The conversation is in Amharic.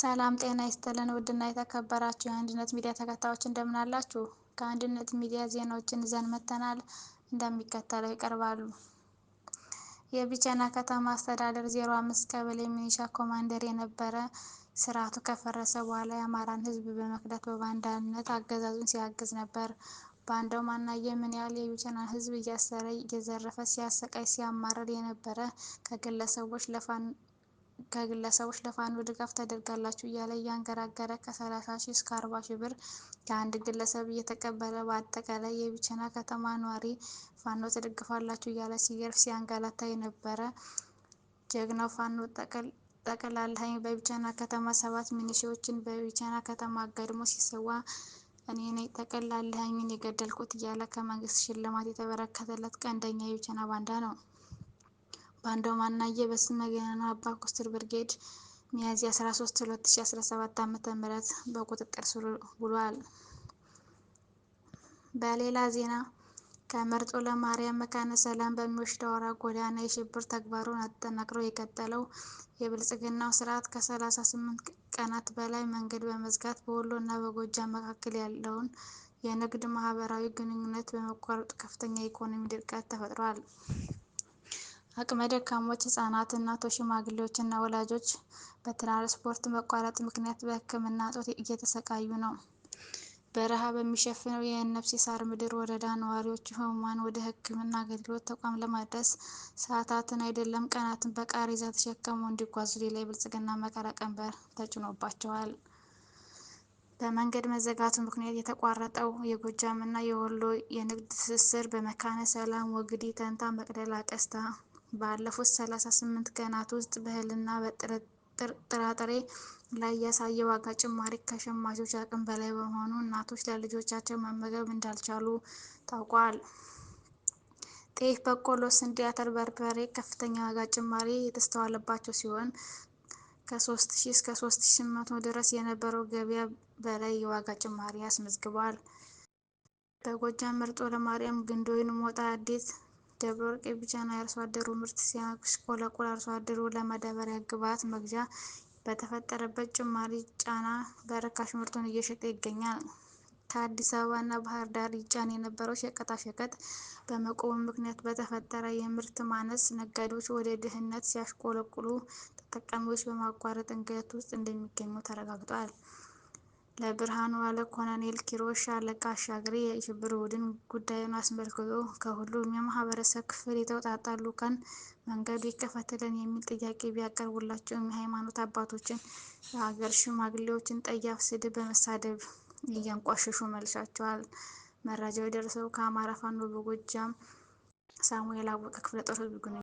ሰላም ጤና ይስጥልን ውድና የተከበራችሁ የአንድነት ሚዲያ ተከታዮች እንደምን አላችሁ? ከአንድነት ሚዲያ ዜናዎችን ይዘን መጥተናል፣ እንደሚከተለው ይቀርባሉ። የቢቸና ከተማ አስተዳደር 05 ቀበሌ ሚኒሻ ኮማንደር የነበረ ስርዓቱ ከፈረሰ በኋላ የአማራን ሕዝብ በመክዳት በባንዳነት አገዛዙን ሲያግዝ ነበር። ባንዳው ማናየ ምን ያህል የቢቸና ሕዝብ እያሰረ እየዘረፈ ሲያሰቃይ ሲያማርር የነበረ ከግለሰቦች ለፋኖ ከግለሰቦች ለፋኖ ድጋፍ ታደርጋላችሁ እያለ እያንገራገረ ከ30 ሺህ እስከ 40 ሺህ ብር ከአንድ ግለሰብ እየተቀበለ በአጠቃላይ የቢቸና ከተማ ኗሪ ፋኖ ትደግፋላችሁ እያለ ሲገርፍ ሲያንገላታ የነበረ ጀግናው ፋኖ ጠቅላላኝ በቢቸና ከተማ ሰባት ሚኒሺዎችን በቢቸና ከተማ አጋድሞ ሲሰዋ እኔ ነኝ ጠቅላላኝን የገደልኩት እያለ ከመንግስት ሽልማት የተበረከተለት ቀንደኛ የቢቸና ባንዳ ነው። ባንዳው ማናየ በስመ ገናና አባ ኮስትር ብርጌድ ሚያዝያ 13 2017 ዓ.ም በቁጥጥር ስር ውሏል። በሌላ ዜና ከመርጦ ለማርያም መካነ ሰላም በሚወስደው አውራ ጎዳና የሽብር ተግባሩን አጠናክሮ የቀጠለው የብልጽግናው ስርዓት ከ38 ቀናት በላይ መንገድ በመዝጋት በወሎ እና በጎጃም መካከል ያለውን የንግድ ማህበራዊ ግንኙነት በመቋረጡ ከፍተኛ የኢኮኖሚ ድርቀት ተፈጥሯል። አቅመ ደካሞች፣ ህጻናት፣ እናቶች፣ ሽማግሌዎች እና ወላጆች በትራንስፖርት መቋረጥ ምክንያት በሕክምና እጦት እየተሰቃዩ ነው። በረሃ በሚሸፍነው የሳር ምድር ወረዳ ነዋሪዎች ሕሙማን ወደ ሕክምና አገልግሎት ተቋም ለማድረስ ሰዓታትን አይደለም ቀናትን በቃሬዛ ተሸከመው እንዲጓዙ ሌላ የብልጽግና መከራ ቀንበር ተጭኖባቸዋል። በመንገድ መዘጋቱ ምክንያት የተቋረጠው የጎጃም እና የወሎ የንግድ ትስስር በመካነ ሰላም፣ ወግዲ፣ ተንታ፣ መቅደላ፣ ቀስታ ባለፉት 38 ቀናት ውስጥ በእህልና በጥራጥሬ ላይ ያሳየው ዋጋ ጭማሪ ከሸማቾች አቅም በላይ በመሆኑ እናቶች ለልጆቻቸው መመገብ እንዳልቻሉ ታውቋል። ጤፍ፣ በቆሎ፣ ስንዴ፣ አተር፣ በርበሬ ከፍተኛ ዋጋ ጭማሪ የተስተዋለባቸው ሲሆን ከ3000 እስከ 3800 ድረስ የነበረው ገበያ በላይ የዋጋ ጭማሪ አስመዝግቧል። በጎጃም መርጦለማርያም፣ ግንዶይን፣ ሞጣ፣ አዴት፣ ደብረ ወርቅ የቢጫና የአርሶ አደሩ ምርት ሲያሽቆለቁል አርሶ አደሩ ለማዳበሪያ ግብዓት መግዣ በተፈጠረበት ጭማሪ ጫና በርካሽ ምርቱን እየሸጠ ይገኛል። ከአዲስ አበባ እና ባህር ዳር ይጫን የነበረው ሸቀጣሸቀጥ በመቆሙ ምክንያት በተፈጠረ የምርት ማነስ ነጋዴዎች ወደ ድህነት ሲያሽቆለቁሉ፣ ተጠቃሚዎች በማቋረጥ እንግልት ውስጥ እንደሚገኙ ተረጋግጧል። ለብርሃኑ አለ፣ ኮሎኔል ኪሮሽ አለቃ አሻግሪ የሽብር ቡድን ጉዳዩን አስመልክቶ ከሁሉም የማህበረሰብ ክፍል የተውጣጣ ልዑካን መንገዱ ይከፈትልን የሚል ጥያቄ ቢያቀርቡላቸውም የሃይማኖት አባቶችን፣ የሀገር ሽማግሌዎችን ጠያፍ ስድብ በመሳደብ እያንቋሸሹ መልሳቸዋል። መረጃው የደረሰው ከአማራ ፋኖ በጎጃም ሳሙኤል አወቀ ክፍለ ጦር ህዝብ ግንኙነት